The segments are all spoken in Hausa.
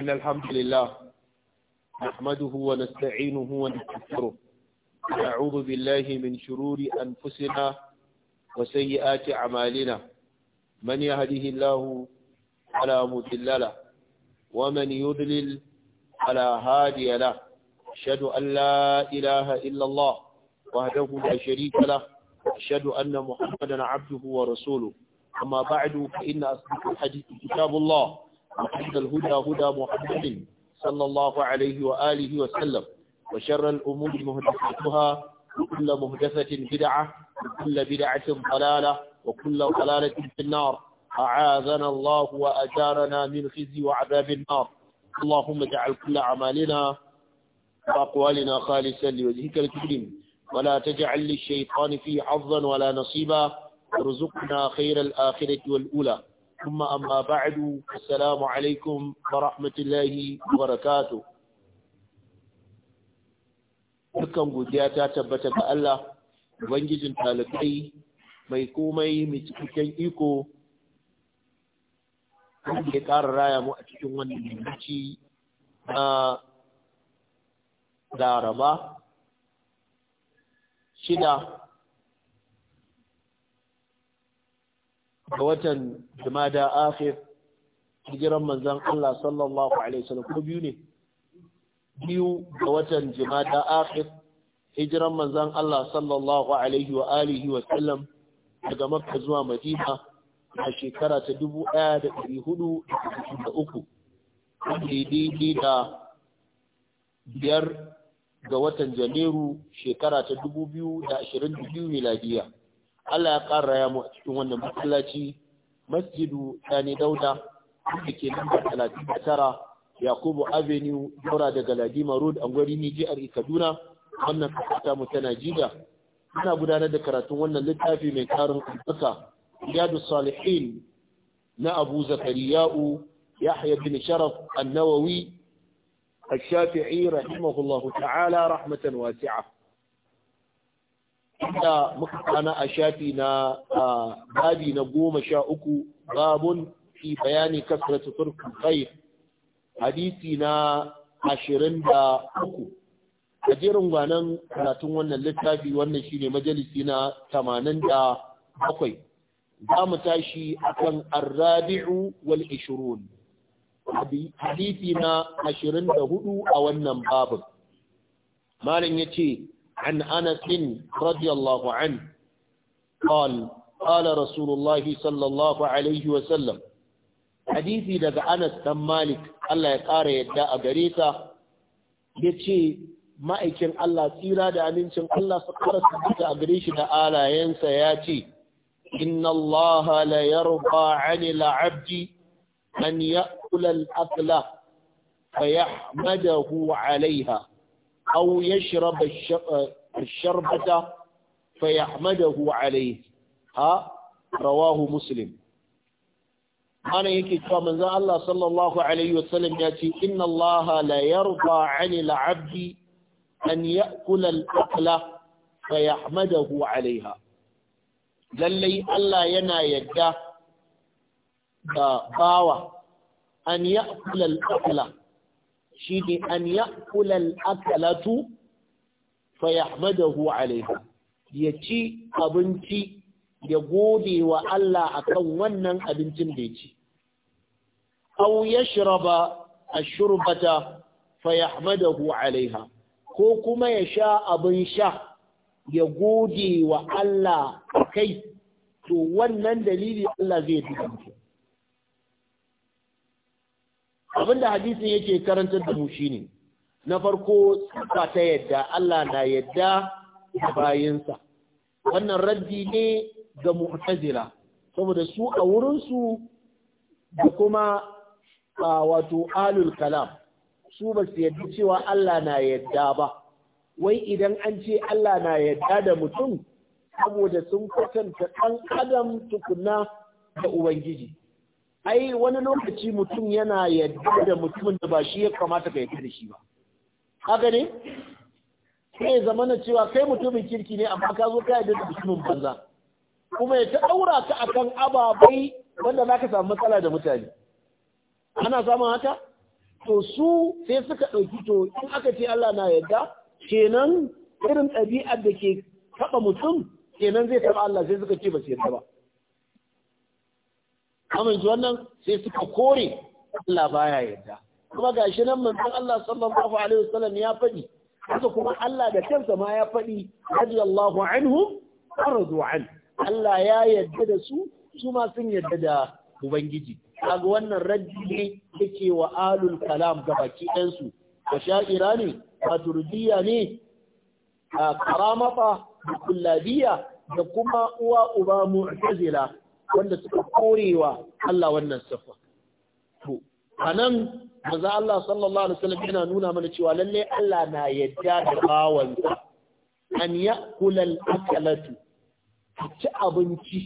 إن الحمد لله نحمده ونستعينه ونستغفره ونعوذ بالله من شرور أنفسنا وسيئات أعمالنا من يهده الله فلا مضل له ومن يضلل فلا هادي له أشهد أن لا إله إلا الله وحده لا شريك له أشهد أن محمدا عبده ورسوله أما بعد فإن أصدق الحديث كتاب الله وحمد الهدى هدى محمد صلى الله عليه وآله وسلم وشر الأمور مهدفتها وكل مهدفة بدعة وكل بدعة ضلالة وكل ضلالة في النار أعاذنا الله وأجارنا من خزي وعذاب النار اللهم اجعل كل أعمالنا وأقوالنا خالصا لوجهك الكريم ولا تجعل للشيطان في حظا ولا نصيبا ارزقنا خير الآخرة والأولى ثم أما بعد السلام عليكم ورحمة الله وبركاته Dukkan godiya ta tabbata ga Allah, Ubangijin talibai mai komai mai cikakken iko, wanda ya ƙara raya mu a cikin wannan yammaci na Laraba, shida ga watan jumada akhir hijiran manzon Allah sallallahu alaihi wasallam ko biyu ne biyu ga watan jumada akhir hijiran manzon Allah sallallahu alaihi wa alihi wa sallam daga Makka zuwa Madina a shekara ta 1463 daidai da biyar ga watan Janairu shekara ta 2022 miladiya Allah ya ƙara ya mu a cikin wannan masallaci masjidu Sani Dauda da ke namba 39 Yakubu Avenue Daura daga Ladima Road Angwari ni jihar Kaduna wannan kasa mu tana jiga ana gudanar da karatun wannan littafi mai karin albarka Riyadu Salihin na Abu Zakariya'u Yahya bin Sharaf An-Nawawi الشافعي رحمه الله تعالى رحمة واسعة inda muka kana a shafi na babi na goma sha uku babun fi bayani kasratu turkun khair hadisi na ashirin da uku a jerin gwanan karatun wannan littafi wannan shine majalisi na tamanin da bakwai za mu tashi a akan arrabi'u wal ishirun hadisi na ashirin da hudu a wannan babin malam ya ce عن أنس رضي الله عنه قال قال رسول الله صلى الله عليه وسلم hadisi daga Anas dan Malik Allah ya ƙara yadda a gare ta yace ma'aikin Allah tsira da amincin Allah su ƙara sabata a gare shi da alayensa ya ce inna Allah la yarda 'ani al-'abdi an ya'kula al-aqla fa yahmadahu 'alayha aw yashraba ash-sharbata fayahmadahu alayhi ha rawahu muslim ana yake cewa manzon Allah sallallahu alaihi wasallam ya ce inna Allah la yarda 'ani al-'abdi an ya'kula al-aqla fayahmadahu lallai Allah yana yadda da bawa an ya'kula shi ne an kulal akalatu fa yahmadahu alaiha ya ci abinci ya gode wa Allah akan wannan abincin da ya ci aw yashraba a shurbata fa alaiha ko kuma ya sha abin sha ya gode wa Allah kai to wannan dalili Allah zai duka Abin da hadisin yake karantar da mu shine na farko sifa ta yadda Allah na yadda da bayinsa wannan raddi ne ga mu'tazila saboda su a wurin su da kuma wato alul kalam su ba su yadda cewa Allah na yadda ba wai idan an ce Allah na yadda da mutum saboda sun kwatanta ɗan adam tukuna da ubangiji ai wani lokaci mutum yana yadda da mutumin da ba shi ya kamata ka yadda da shi ba haka ne sai zama na cewa kai mutumin kirki ne amma ka zo ka yadda da mutumin banza kuma ya ta daura ka akan ababai wanda za ka samu matsala da mutane ana samun haka to su sai suka ɗauki to in aka ce Allah na yadda kenan irin ɗabi'ar da ke taɓa mutum kenan zai taɓa Allah sai suka ce ba su yadda ba kamar ji wannan sai suka kore Allah baya yarda kuma gashi nan manzon Allah sallallahu alaihi wasallam ya faɗi haka kuma Allah da kansa ma ya faɗi radiyallahu anhu arzu an Allah ya yarda da su su ma sun yarda da ubangiji kaga wannan raddi ne yake wa alul kalam ga baki ɗan su wa sha'ira ne wa turdiya ne karamata da kullabiya da kuma uwa uba mu'tazila wanda suka korewa Allah wannan siffa to nan, Maza Allah sallallahu alaihi wasallam yana nuna mana cewa lalle Allah na yadda da bawansa an ya'kula al-akalatu ci abinci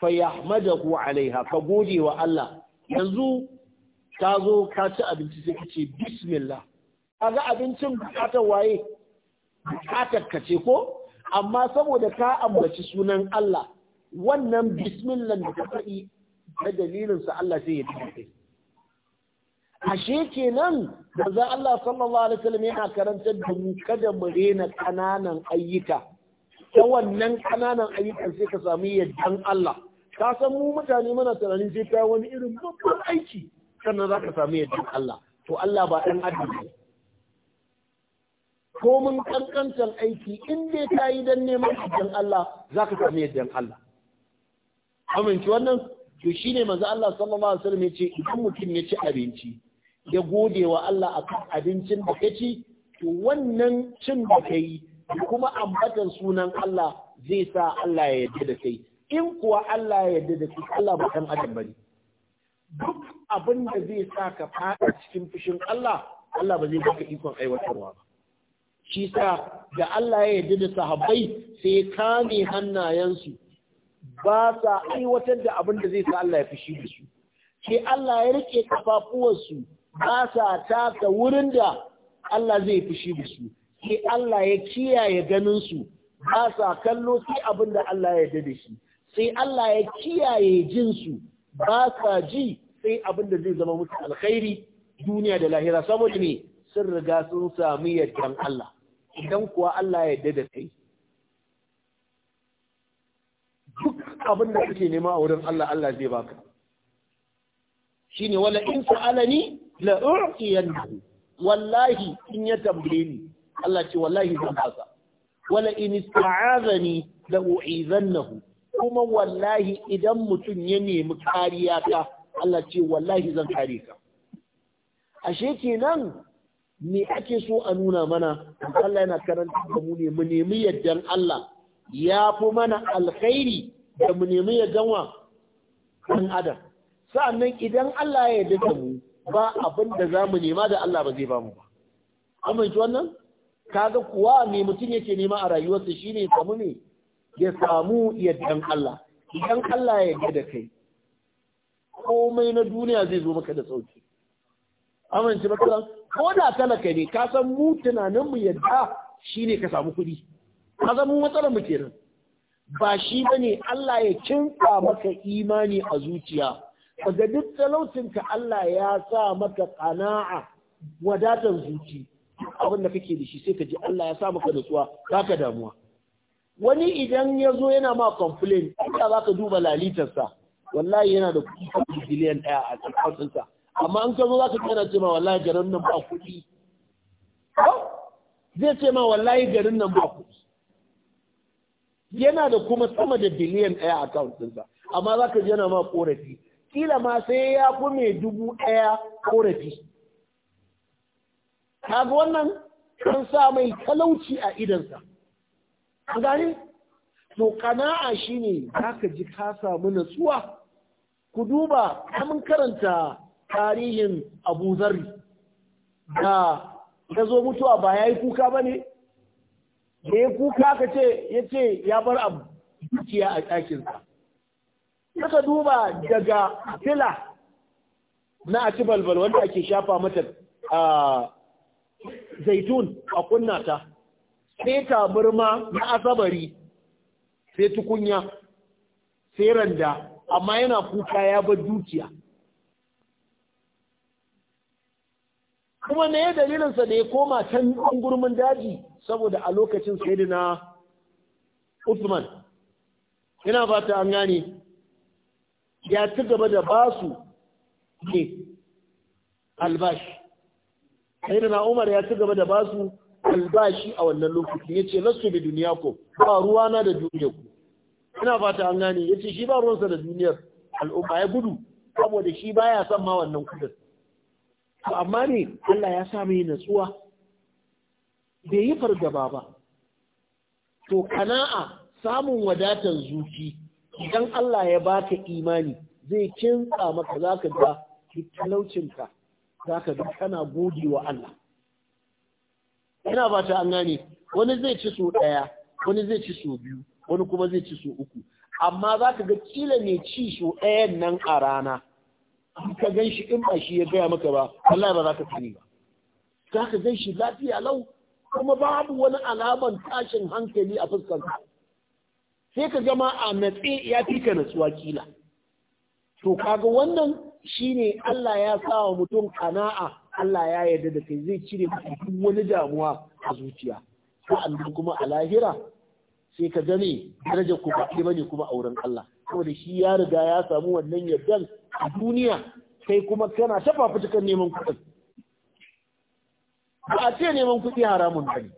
fa yahmadahu alaiha ka gode wa Allah yanzu ka zo ka ci abinci sai ka ce bismillah ga abincin bukatar waye bukatar ka ko amma saboda ka ambaci sunan Allah wannan bismillah da ta faɗi na dalilinsa Allah sai ya tafi ashe kenan za Allah sallallahu alaihi wasallam yana karantar da mu kada mu rena kananan ayyuka ta wannan kananan ayyukan sai ka samu yaddan Allah ka san mu mutane muna tunanin sai kai wani irin babban aiki sannan zaka samu yaddan Allah to Allah ba dan adam ne ko mun ƙanƙantar aiki in dai ka yi dan neman yaddan Allah zaka samu yaddan Allah amince wannan to shine manzo Allah sallallahu alaihi wasallam yace idan mutum ya ci abinci ya gode wa Allah akan abincin da ya ci to wannan cin da kai kuma ambatan sunan Allah zai sa Allah ya yarda da kai in kuwa Allah ya yarda da kai Allah ba kan adam bane duk abin da zai sa ka fada cikin fushin Allah Allah ba zai baka ikon aiwatarwa ba shi sa da Allah ya yarda da sahabbai sai kame hannayensu ba sa aiwatar da abin da zai sa Allah ya fushi da su sai Allah ya rike kafafuwarsu ba sa taka wurin da Allah zai fushi da su sai Allah ya kiyaye ganinsu. ba sa kallo sai abin da Allah ya yarda da shi sai Allah ya kiyaye jinsu. ba sa ji sai abin da zai zama musu alkhairi duniya da lahira saboda ne sun riga sun sami yardan Allah idan kuwa Allah ya yarda da kai duk abin da kake nema a wurin Allah Allah zai baka shine wala in sa'alani la u'tiyannahu wallahi in ya tambaye ni Allah ce wallahi zan baka wala in ista'azani la u'izannahu kuma wallahi idan mutum ya nemi kariya ka. Allah ce wallahi zan kare ka ashe kenan me ake so a nuna mana Allah yana karanta da mu ne mu nemi yaddan Allah ya fi mana alkhairi da mu nemi ya ganwa ɗan adam sa'annan idan Allah ya yarda da mu ba abin da za mu nema da Allah ba zai ba mu ba amince wannan kaga kuwa me mutum yake nema a rayuwarsa shine samu ne ya samu yaddan Allah idan Allah ya yarda da kai komai na duniya zai zo maka da sauki amince maka ko da talaka ne ka san mu tunanin mu yadda shine ka samu kuɗi kaza zama matsalar mu kenan ba shi bane Allah ya kinka maka imani a zuciya kaga duk ka Allah ya sa maka qana'a wadatar zuci abin da kake da shi sai ka ji Allah ya sa maka nutsuwa ka damuwa wani idan ya zo yana ma complain inda za ka duba lalitarsa wallahi yana da kuɗi biliyan ɗaya a tsakaninsa amma an ka zo za ka kira ce ma wallahi garin nan ba kuɗi zai ce ma wallahi garin nan ba kuɗi yana da kuma sama da biliyan ɗaya account ɗinsa amma za ka yana ma korafi kila ma sai ya fi mai dubu ɗaya korafi kaga wannan kan sa mai talauci a idansa an gani to kana'a shine ka ji ka samu natsuwa ku duba kamun karanta tarihin Abu Zarri da ya zo mutuwa ba ya yi kuka ba ne? da ya kuka ka ce ya ce ya bar abu dukiya a ɗakinsa suka duba daga fila na aci balbal wanda ake shafa mata a zaitun a kunnata sai taburma na asabari sai tukunya sai randa amma yana kuka ya bar dukiya kuma na yi dalilinsa da ya koma can gurmin daji saboda a lokacin saidina Uthman ina fata an gane ya ci gaba da basu ne albashi sayyidina Umar ya ci gaba da basu albashi a wannan lokacin yace lasu bi ko ba ruwana da duniya ku. ina fata an gane yace shi ba ruwansa da duniyar al'umma ya gudu saboda shi baya son ma wannan kudin amma ne Allah ya sa mai natsuwa bai yi fargaba ba to kana'a samun wadatar zuci idan Allah ya baka imani zai kinsa maka za ka ga talaucinka ka ga kana gode wa Allah ina ba ta an gane wani zai ci so ɗaya, wani zai ci so biyu wani kuma zai ci so uku amma za ka ga kila ne ci so ɗayan nan a rana ka gan shi in ba shi ya gaya maka ba Allah ba za ka sani ba za ka gan shi lafiya lau kuma babu wani alaman tashin hankali a ka sai ka gama a matse ya fi ka natsuwa kila to kaga wannan shine Allah ya sa wa mutum kana'a Allah ya yarda da kai zai cire maka duk wani damuwa a zuciya sa'annan kuma a lahira sai ka gane darajar ku ba bane kuma auren Allah saboda shi ya riga ya samu wannan yardan a duniya kai kuma kana ta fafutukan neman kuɗin ba a ce neman kuɗi haramun bane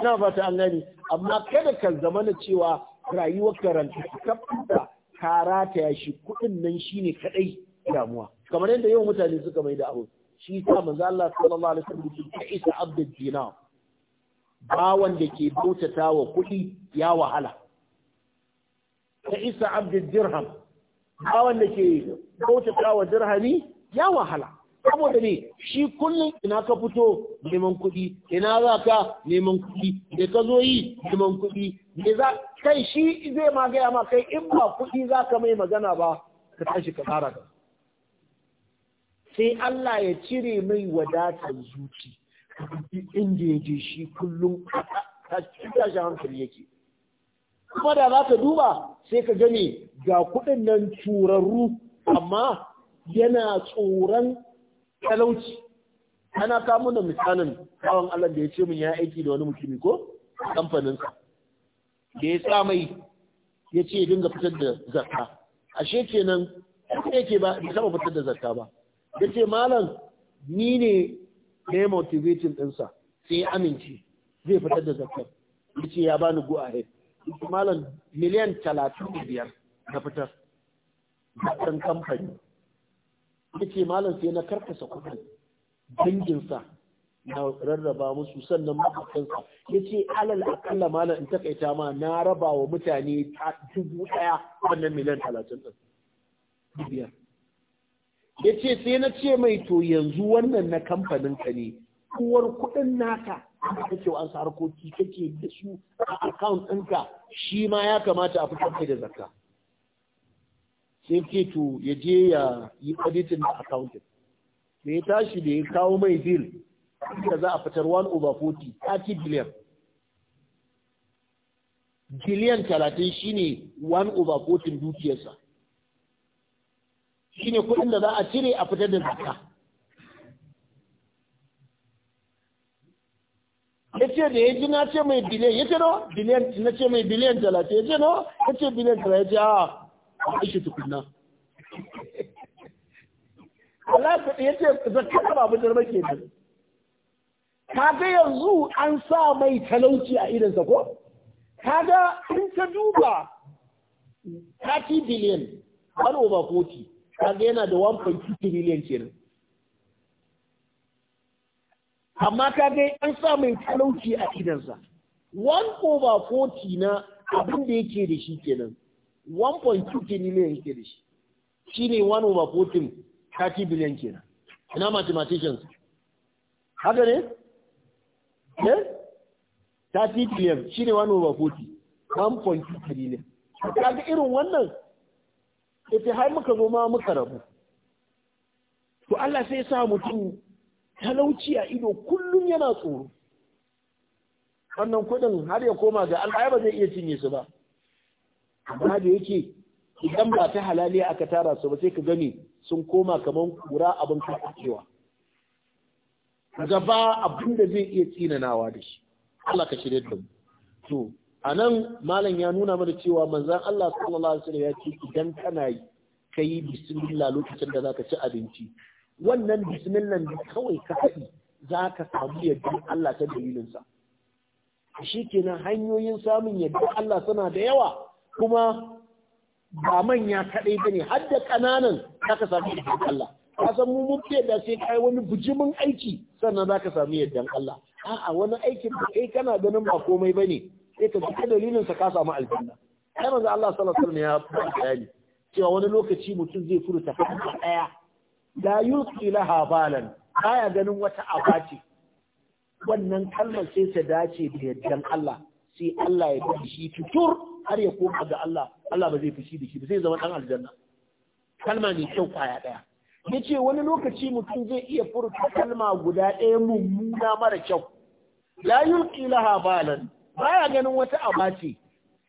ina fata an gani amma kada ka zama na cewa rayuwar karanta ka kara ta shi kuɗin nan shine kadai damuwa kamar yadda yau mutane suka mai da abu shi sa manzo Allah sallallahu alaihi wasallam ya isa abdul dinar bawan da ke bautata wa kuɗi ya wahala ta isa abdul dirham bawan da ke bautata wa dirhami ya wahala saboda ne shi kullum ina ka fito neman kuɗi ina za ka neman kuɗi da ka zo yi neman kuɗi da za kai shi zai ma gaya ma kai in ba kuɗi za ka mai magana ba ka tashi ka tsara ka sai Allah ya cire mai wadatar zuci inda ya je shi kullum ka cika shi hankali yake kuma da za ka duba sai ka gani ga kuɗin nan turarru amma yana tsoron talauci ana kamo da misalin kawan Allah da ya ce min ya aiki da wani mutumi ko kamfaninsa da ya sa mai ya ce ya dinga fitar da zakka ashe kenan kuma yake ba ya saba fitar da zakka ba ya ce malam ni ne me yi din ɗinsa sai ya amince zai fitar da zakkar ya ce ya bani go ahead malam miliyan talatin da biyar na fitar zakkan kamfani yake malam sai na karkasa kuɗin danginsa na rarraba musu sannan makafin ya ce alal akalla malam in takaita ma na raba wa mutane dubu ɗaya wannan miliyan talatin ɗin biyar ya ce sai na ce mai to yanzu wannan na kamfanin ka ne uwar kuɗin naka kake an sa harkoki kake da su a account ɗinka shi ma ya kamata a fitar da zakka sai ke to ya je ya yi auditin na accounting da ya tashi da ya kawo mai bill da za a fitar 1 over 40 30 billion billion 30 shine 1 over 40 dukiyarsa shine kudin da za a cire a fitar da zaka ya ce da ya ji na ce mai biliyan ya ce no biliyan na ce mai biliyan talatin ya ce no ya ce biliyan talatin ya ce a tukunna Allah ya ce zakka ba mu darba ke nan kaga yanzu an sa mai talauci a idansa ko kaga in ka duba 30 billion one over 40 kaga yana da 1.2 trillion kenan amma kaga an sa mai talauci a idansa 1 over 40 na abin da yake da shi kenan 1.2 ke trillion yake da shi shi ne 1 over 14 30 billion kenan ina mathematicians haka ne eh 30 billion ne 1 over 40 1.2 ke trillion kaga irin wannan ita har muka zo ma muka rabu to Allah sai ya sa mutum talauci a ido kullum yana tsoro wannan kudin har ya koma ga Allah ba zai iya cinye su ba amma da yake idan ba ta halali aka tara su ba sai ka gani sun koma kamar kura abin kakakewa gaba abin da zai iya tsinanawa da shi Allah ka shirya da mu to nan malam ya nuna mana cewa manzon Allah sallallahu alaihi ya ce idan kana yi lokacin da zaka ci abinci wannan bismillah da kawai ka faɗi zaka samu yadda Allah ta dalilinsa shi kenan hanyoyin samun yadda Allah suna da yawa kuma ba manya kaɗai ba ne har da ƙananan za ka sami yadda Allah ka san mu mun da sai kai wani bujimin aiki sannan za ka sami yaddan Allah a'a wani aikin da kai kana ganin ba komai ba ne sai ka ji dalilin sa ka samu aljanna sai manzo Allah sallallahu alaihi wasallam ya bayani cewa wani lokaci mutum zai furta haka daya Da yusi laha balan baya ganin wata abaci wannan kalmar sai ta dace da yaddan Allah sai Allah ya bar shi tutur har ya koma ga Allah Allah ba zai fushi da shi ba zai zama dan aljanna kalma ne kyau kwaya daya yace wani lokaci mutum zai iya furta kalma guda ɗaya mummuna mara kyau la yulqi laha balan baya ganin wata abace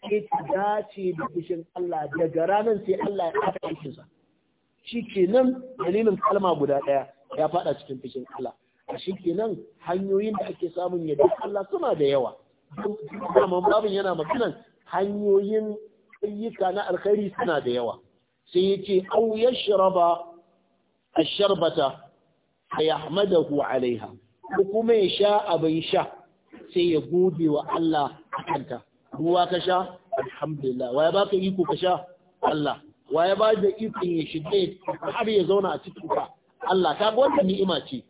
ke ta dace da fushin Allah daga ranar sai Allah ya kafa aikinsa shi kenan dalilin kalma guda ɗaya ya fada cikin fushin Allah a shi kenan hanyoyin da ake samun yadda Allah suna da yawa amma babin yana maganan hanyoyin ayyuka na alkhairi suna da yawa sai yace aw yashraba ash-sharbata fayahmadahu alaiha ko kuma ya sha abin sha sai ya gode wa Allah kanta ruwa ka sha alhamdulillah waya baka iko ka sha Allah waya ba da ikon ya shige har ya zauna a cikin ka Allah wannan ni'ima ce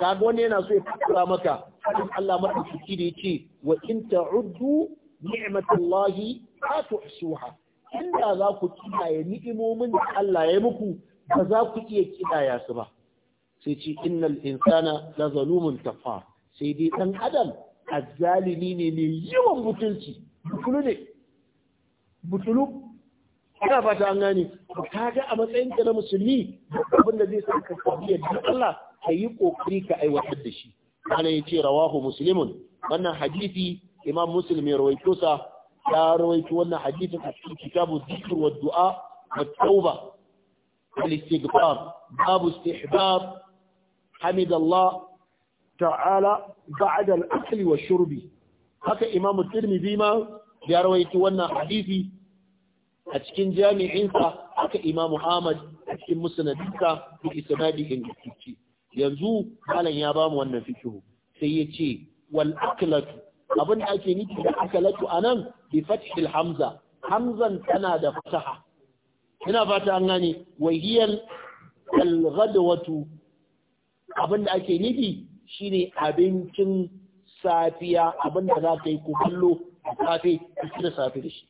kaga yana so ya fara maka Allah madauki da yace wa in ta'uddu ni'matullahi la tuhsuha inda za ku kiyaye ni'imomin da Allah ya muku ba za ku iya kidaya su ba sai ce innal insana la zalumun kafar sai dai dan adam azzalimi ne mai yawan mutunci butulu ne butulu ina fata an gane ka ga a matsayin ka na musulmi abin da zai saka biya, da Allah ka yi kokari ka aiwatar da shi ana yace rawahu muslimun wannan hadisi imam muslim ya rawaito sa ya rawaito wannan hadisi a cikin kitabu zikr wa du'a wa tauba wal istighfar babu istihbab hamid Allah ta'ala ba'da al-akli wa shurbi haka imam tirmidhi ma ya rawaito wannan hadisi a cikin jami'insa haka imam Ahmad a cikin musnadinsa bi isnadihi yanzu malam ya bamu wannan fikihu sai ya ce wal aklatu abin da ake nufi da aka a anan bi fathil hamza hamzan tana da fataha ina fata an gane wahiyal alghadwatu abin da ake nufi shine abincin safiya abin da za ka yi kukallo safe da safe da shi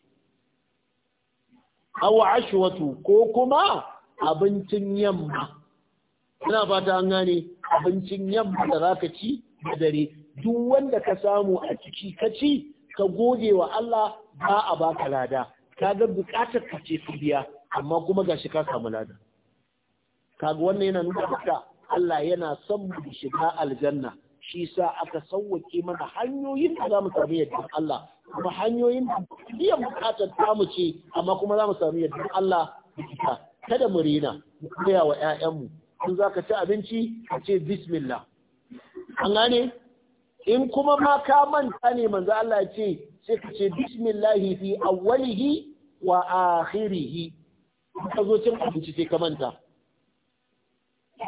aw ashwatu ko kuma abincin yamma ina fata an gane abincin yamma da za ka ci da dare duk wanda ka samu a ciki ka ci ka goge wa Allah ba a baka lada Ka ga bukatar ka ce su biya amma kuma ga ka samu lada kaga wannan yana nuna maka Allah yana son mu shiga aljanna shi sa aka sauwake mana hanyoyin da zamu samu yadda Allah kuma hanyoyin da biyan bukatar ta mu ce amma kuma zamu samu yadda Allah kada mu rena mu koya wa ƴaƴanmu in zaka ci abinci ka ce bismillah an gane in kuma ma ka manta ne manzo Allah ce sai ka ce bismillahi fi awwalihi wa akhirihi ka zo cin abinci sai ka manta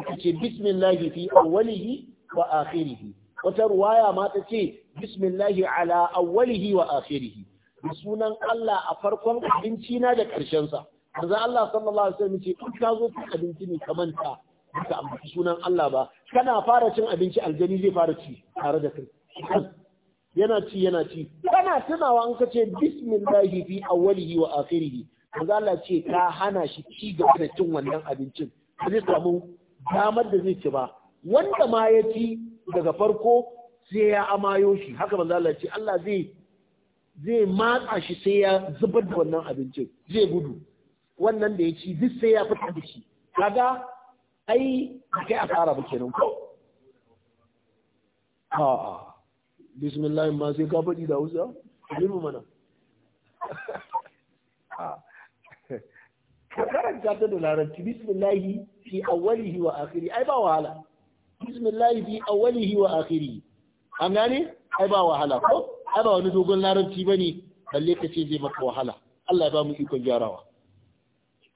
ka ce bismillahi fi awwalihi wa akhirihi wata ruwaya ma ta ce bismillahi ala awwalihi wa akhirihi da sunan Allah a farkon abinci na da karshen sa manzo Allah sallallahu alaihi wasallam ce in ka zo cin abinci ne ka manta baka ambaci sunan Allah ba kana fara cin abinci aljani zai fara ci tare da kai yana ci yana ci kana tunawa an kace bismillah fi awwalihi wa akhirih manzo Allah ce ka hana shi ci gaba da cin wannan abincin ba zai samu damar da zai ci ba wanda ma ya ci daga farko sai ya amayo shi haka manzo Allah ce Allah zai zai matsa shi sai ya zubar da wannan abincin zai gudu wannan da ya ci duk sai ya fita da shi kaga ai kai a fara ba kenan ko a'a bismillah ma sai ka faɗi da hausa ilmu mana ka karanta ta da larabci bismillah fi awwalihi wa akhiri ai ba wahala bismillah fi awwalihi wa akhiri an gane ai ba wahala ko ai ba wani dogon larabci bane balle ka ce zai maka wahala Allah ya ba mu ikon gyarawa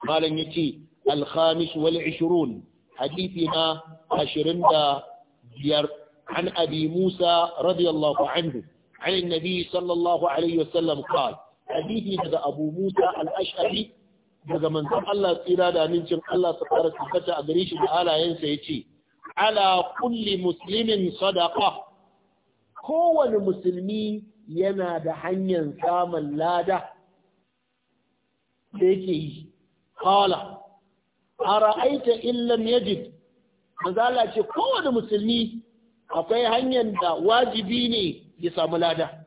malam yace al-khamis wal 20 hadisi na ashirin da biyar an abi musa radiyallahu anhu عن النبي صلى الله عليه وسلم قال daga abu musa al-ash'ari daga manzon Allah tsira da amincin Allah subhanahu wa a gare shi da halayensa yace ala kulli muslimin sadaqa kowane musulmi yana da hanyar samun lada da yake yi qala a ra'aita illam yajid manzala ce kowane musulmi akwai hanyar da wajibi ne ya samu lada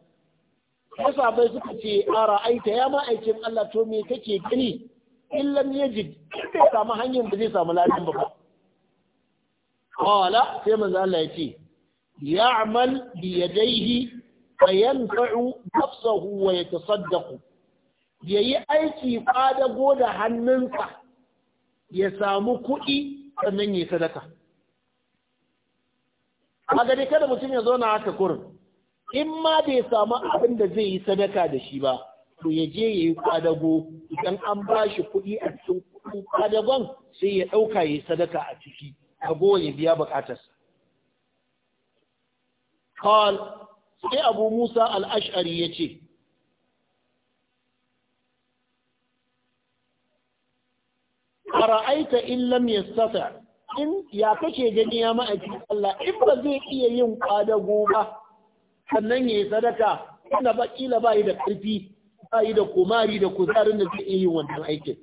yasa bai suka ce a ra'aita ya ma'aikin Allah to me kake gani illam yajid bai samu hanyar da zai samu ladan ba qala sai manzo Allah ya ce ya'mal bi yadayhi fa yanfa'u nafsahu wa yatasaddaqu yayi aiki kwadago da hannunsa ya samu kuɗi sannan ya sadaka a gari kada mutum ya zauna haka kurin in ma bai samu abin da zai yi sadaka da shi ba to ya je ya yi kwadago idan an ba shi kuɗi a cikin kwadagon sai ya ɗauka ya yi sadaka a ciki ragowa ya biya bukatarsa Kawal sai abu musa al'ash'ari ya ce ara'aita in lam yastata in ya kace gani ya ma'aikin Allah in ba zai iya yin kwadago ba sannan yayi sadaka ina ba kila ba yi da karfi ba da kumari da kuzarin da zai iya wannan aikin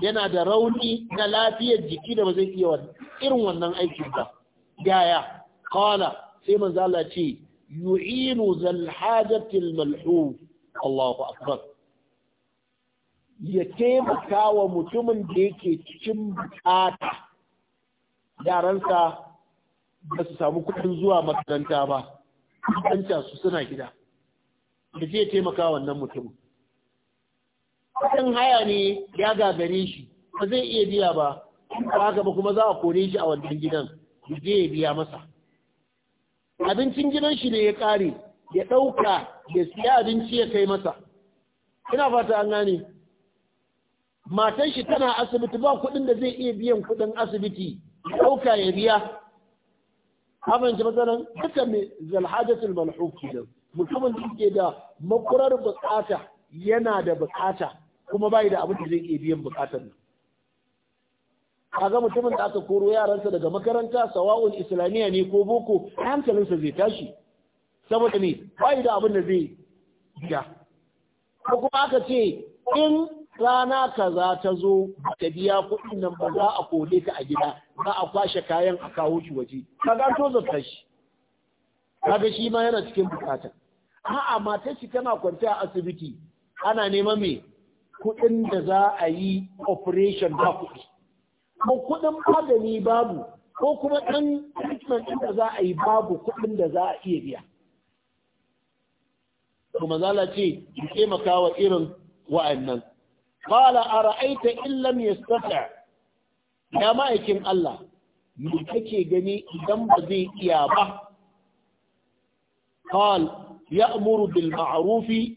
yana da rauni na lafiyar jiki da ba zai iya irin wannan aikin ba yaya qala sai manzo Allah ce yu'inu zal hajatil malhu Allahu akbar ya taimaka wa mutumin da yake cikin bukata yaransa ba su samu kudin zuwa makaranta ba ɗanta su suna gida da zai taimaka wannan mutum kudin haya ne ya gagare shi ba zai iya biya ba haka ba kuma za a kore shi a wannan gidan da zai biya masa abincin gidan shi ne ya ƙare ya ɗauka ya siya abinci ya kai masa ina fata an gane matan shi tana asibiti ba kuɗin da zai iya biyan kuɗin asibiti ɗauka ya biya haɓanci matsalan duka mai zalhajatul malhuf kenan mutumin da ke da makurar bukata yana da bukata kuma bai da abin da zai iya biyan bukatar nan kaga mutumin da aka koro yaransa daga makaranta sawa'un islamiyya ne ko boko hankalinsa zai tashi saboda ne bai da abin da zai biya ko kuma aka ce in rana kaza ta zo ta biya kuɗin nan ba za a kode ta a gida za a kwashe kayan a kawo shi waje ga to zata shi kaga shi ma yana cikin bukata a'a matashi shi tana kwanta a asibiti ana nema me kuɗin da za a yi operation ba kuɗi ko kuɗin magani babu ko kuma ɗan treatment inda da za a yi babu kuɗin da za a iya biya to mazala ce ki taimaka wa irin wa'annan Kala ara aita illam ya stata, ya ma’aikin Allah, mai kake gani idan ba zai iya ba. Kala ya amuru bil ma’arufi,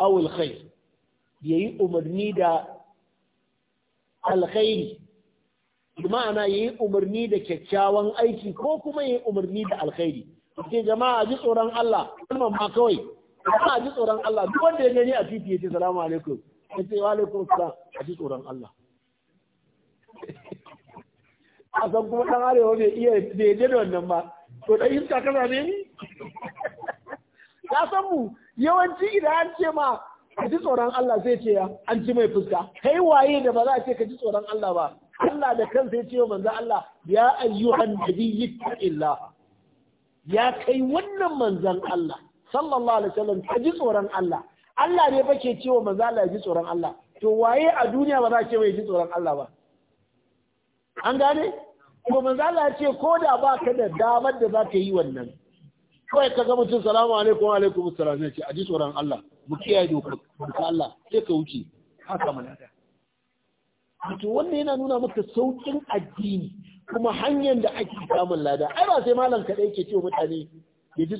awulkhai, ya yi umarni da alkhairi, ma’ana ya yi umarni da kyakkyawan aiki ko kuma ya yi umarni da alkhairi. Ake jama’a ji tsoron Allah, kuma ma kawai. Ana ji tsoron Allah duk wanda ya gani a titi ya ce salamu alaikum ya ce wa alaikum salam a ji tsoron Allah a san kuma dan arewa bai iya bai je da wannan ba to dan iska za ne ya san mu yawanci idan an ce ma ka ji tsoron Allah sai ce an ci mai fuska kai waye da ba za a ce ka ji tsoron Allah ba Allah da kansa ya ce wa manzo Allah ya ayyuhan nabiyyi illa ya kai wannan manzon Allah sallallahu alaihi wasallam ta ji tsoron Allah Allah ne fa ke cewa manzo Allah ya ji tsoron Allah to waye a duniya ba za ce bai ji tsoron Allah ba an gane ko manzo Allah ya ce ko da ba ka da damar da za ka yi wannan kawai ka ga mutum salamu alaikum wa alaikum salam ne ce a ji tsoron Allah mu kiyaye dokar Allah sai ka wuce haka malaka to wannan yana nuna maka saukin addini kuma hanyar da ake samun lada ai ba sai malam kaɗai ke cewa mutane ya ji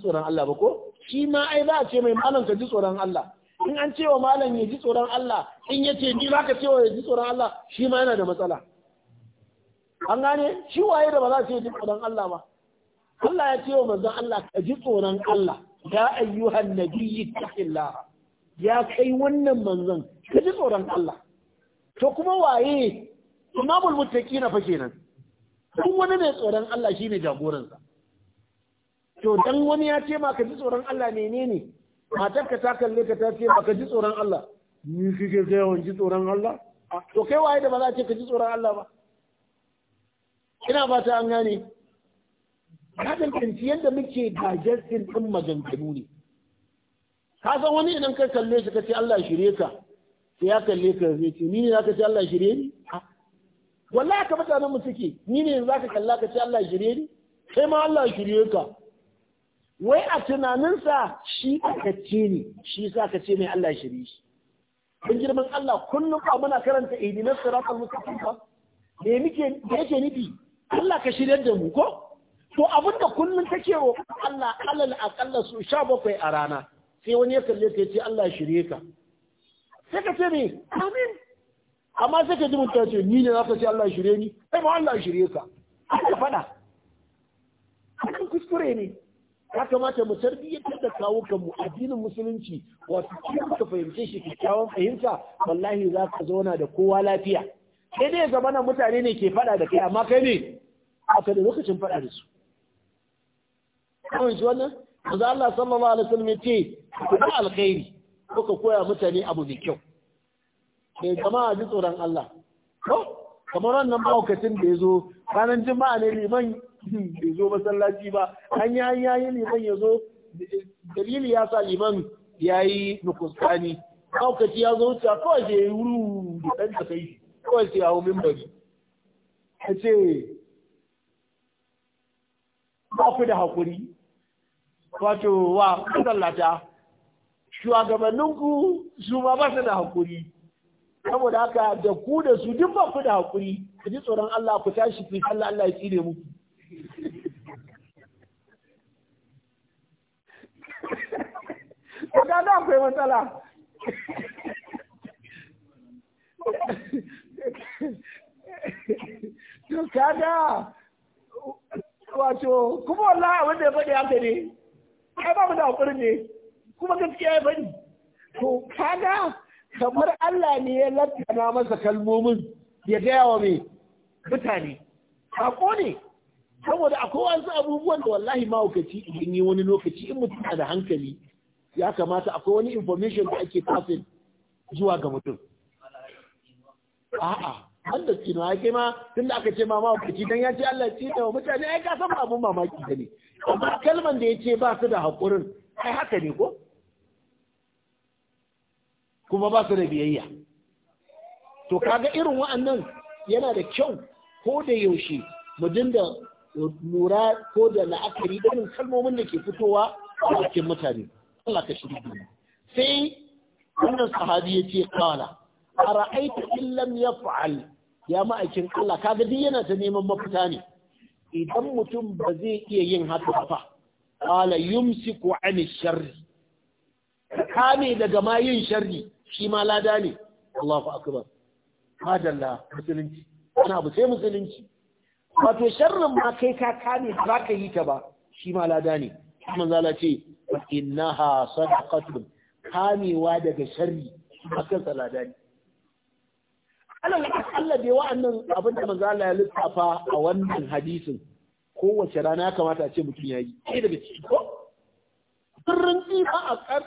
tsoron Allah ba ko shi ma ai za a ce mai malam ka ji tsoron Allah in an cewa malam ya ji tsoron Allah in yace ce ni za ka cewa ya ji tsoron Allah shi ma yana da matsala an gane shi waye da ba za su yi ji tsoron Allah ba Allah ya cewa wa manzon Allah ka ji tsoron Allah ya ayyuhan nabiyyi taqillah ya kai wannan manzon ka ji tsoron Allah to kuma waye imamul muttaqina fa kenan duk wani mai tsoron Allah shine jagoransa to dan wani ya ce ma ka ji tsoron Allah menene matar ka ta kalle ka ta ce ma ka ji tsoron Allah ni kike ga yawan ji tsoron Allah to kai waye da ba za ce ka ji tsoron Allah ba ina ba ta an gane ka tantance yadda muke digesting din maganganu ne ka san wani idan ka kalle shi ka ce Allah shirye ka sai ya kalle ka zai ce ni ne za ka ce Allah shirye ni ah. wallahi ka mutanen mu suke ni ne za ka kalla ka ce Allah shirye ni sai ma Allah shirye ka wai a tunaninsa shi kacce ne shi sa aka ce mai Allah shiri shi in girman Allah kullum ba muna karanta idinar siratul mustaqim ba me muke me yake nufi Allah ka shiryar da mu ko to abinda kullum take wa Allah alal aqalla su 17 a rana sai wani ya kalle ka ce Allah shirye ka sai ka ce ne amin amma sai ka ji mutum ce ni ne za ka ce Allah shirye ni kai ma Allah shirye ka aka faɗa kuskure ne ya kamata mu tarbiyyar da kawo mu addinin musulunci wato kin ka fahimce shi kyakkyawan fahimta wallahi za ka zauna da kowa lafiya sai dai zama na mutane ne ke fada da kai amma kai ne aka da lokacin faɗa da su kawai wannan maza Allah sallallahu alaihi wasallam yace ku da alkhairi ko ka koya mutane abu mai kyau sai eh, jama'a ji tsoron Allah ko kamar wannan mahaukacin da ya zo ranar jima'a ne liman bai zo masallaci ba an ya yayi liman ya zo dalili ya sa liman ya yi nukuskani maukaci ya zo ta kawai da ya wuru da ɗan ta kai kawai sai hau mimbari a ce ba ku da haƙuri wato wa masallata shugabanninku su ma ba su da haƙuri saboda haka da ku da su duk ba ku da haƙuri ka ji tsoron Allah ku tashi ku yi Allah Allah ya tsire muku ko ga akwai matsala wato kuma ya faɗi haka ne ne kuma gaskiya ya faɗi kamar Allah ne ya lantana masa kalmomin ya gaya wa mai mutane sako ne saboda akwai wasu abubuwan da wallahi mahaukaci idan yi wani lokaci in mutum na da hankali ya kamata akwai wani information da ake tafin zuwa ga mutum a'a an da tsino ya kai ma tun da aka ce ma mahaukaci dan ya ce Allah ce da mutane ai ka san abun mamaki da ne amma kalman da ya ce ba su da haƙurin ai haka ne ko kuma ba su da biyayya to kaga irin wa'annan yana da kyau ko da yaushe mu dinga lura ko da la'akari irin kalmomin da ke fitowa a cikin mutane Allah ka shirya sai wannan sahabi ya ce kala a ra'aita illan ya fa'al ya ma'aikin Allah ka gadi yana ta neman mafita ne idan mutum ba zai iya yin haka ba kala yumsiku shari. sharri kame daga ma yin sharri shi ma lada ne Allahu akbar madalla musulunci ana abu sai musulunci wato sharrin ma kai ka kame ba ka yi ta ba shi ma lada ne kuma zala ce innaha sadaqatun kamewa daga sharri akan salada ne alal akalla bai wa'annan abin da manzo Allah ya lissafa a wannan hadisin kowace rana ya kamata a ce mutum ya yi sai daga ciki ko sirrin tsifa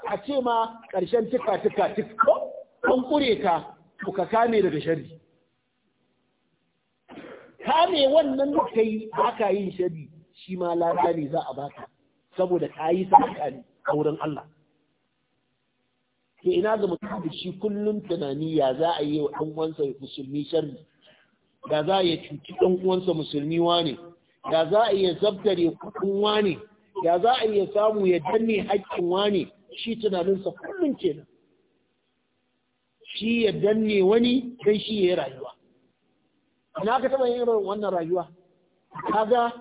a ce ma karshen tuka tuka tuka ko an kure ka ka kame daga sharri kame wannan da ka yi aka yin shari shi ma lafiya ne za a baka saboda ka yi sadaka a wurin Allah ke ina zama mutum da shi kullum tunani ya za a yi wa ɗan'uwansa musulmi shari, ya za a yi cuci ɗan'uwansa musulmi wane ya za a iya zabtare kuɗin wane ya za a iya samu ya danne haƙƙin wane shi tunaninsa kullum kenan shi ya danne wani don shi ya yi rayuwa ina ka taɓa yin irin wannan rayuwa kaga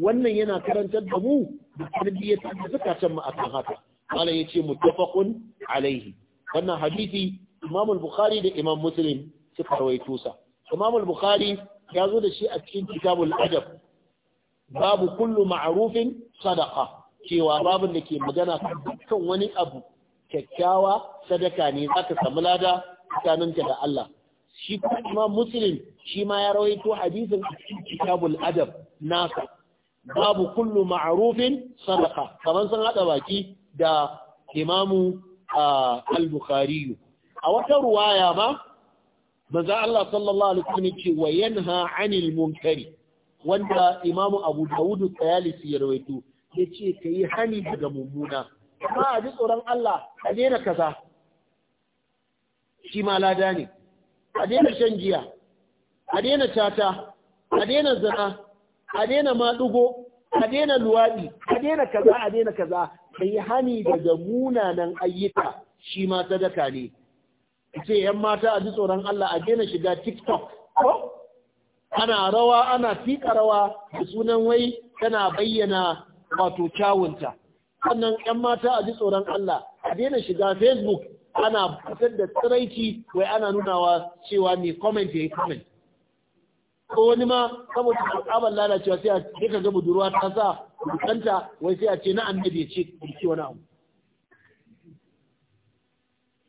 wannan yana karantar da mu da tarbiyyar da zukatan mu akan haka mala yace muttafaqun alaihi wannan hadisi Imam al-Bukhari da Imam Muslim suka rawaito sa Imam al-Bukhari ya zo da shi a cikin Kitabul Adab babu kullu ma'rufin sadaqa cewa babin da ke magana kan dukkan wani abu kyakkyawa sadaka ne zaka samu lada tsakaninka da Allah shi kuma imam muslim shi ma ya rawaito hadisin a kitabul adab nasa babu kullu ma'rufin sadaqa kaman sun hada baki da imamu al-bukhari a wata ruwaya ma manzo Allah sallallahu alaihi wasallam ce wa yanha 'anil munkari wanda imamu abu dawud tayalisi ya rawaito yace kai hani daga mummuna ba a ji tsoron Allah ka daina kaza shi ma lada ne a daina shan giya a daina tata a daina zana a daina madugo a daina luwaɗi a daina kaza a daina kaza ka yi hani daga munanan ayyuka shi ma sadaka ne ce yan mata a ji tsoron Allah a daina shiga tiktok ana rawa ana fika rawa da sunan wai tana bayyana wato kyawunta sannan yan mata a ji tsoron Allah a daina shiga facebook ana fitar da tsiraici wai ana nunawa cewa mai comment ya yi comment ko wani ma saboda al'abar lalacewa sai a ce ka ga budurwa ta sa kanta wai sai a ce na annabi ya ce ki wani abu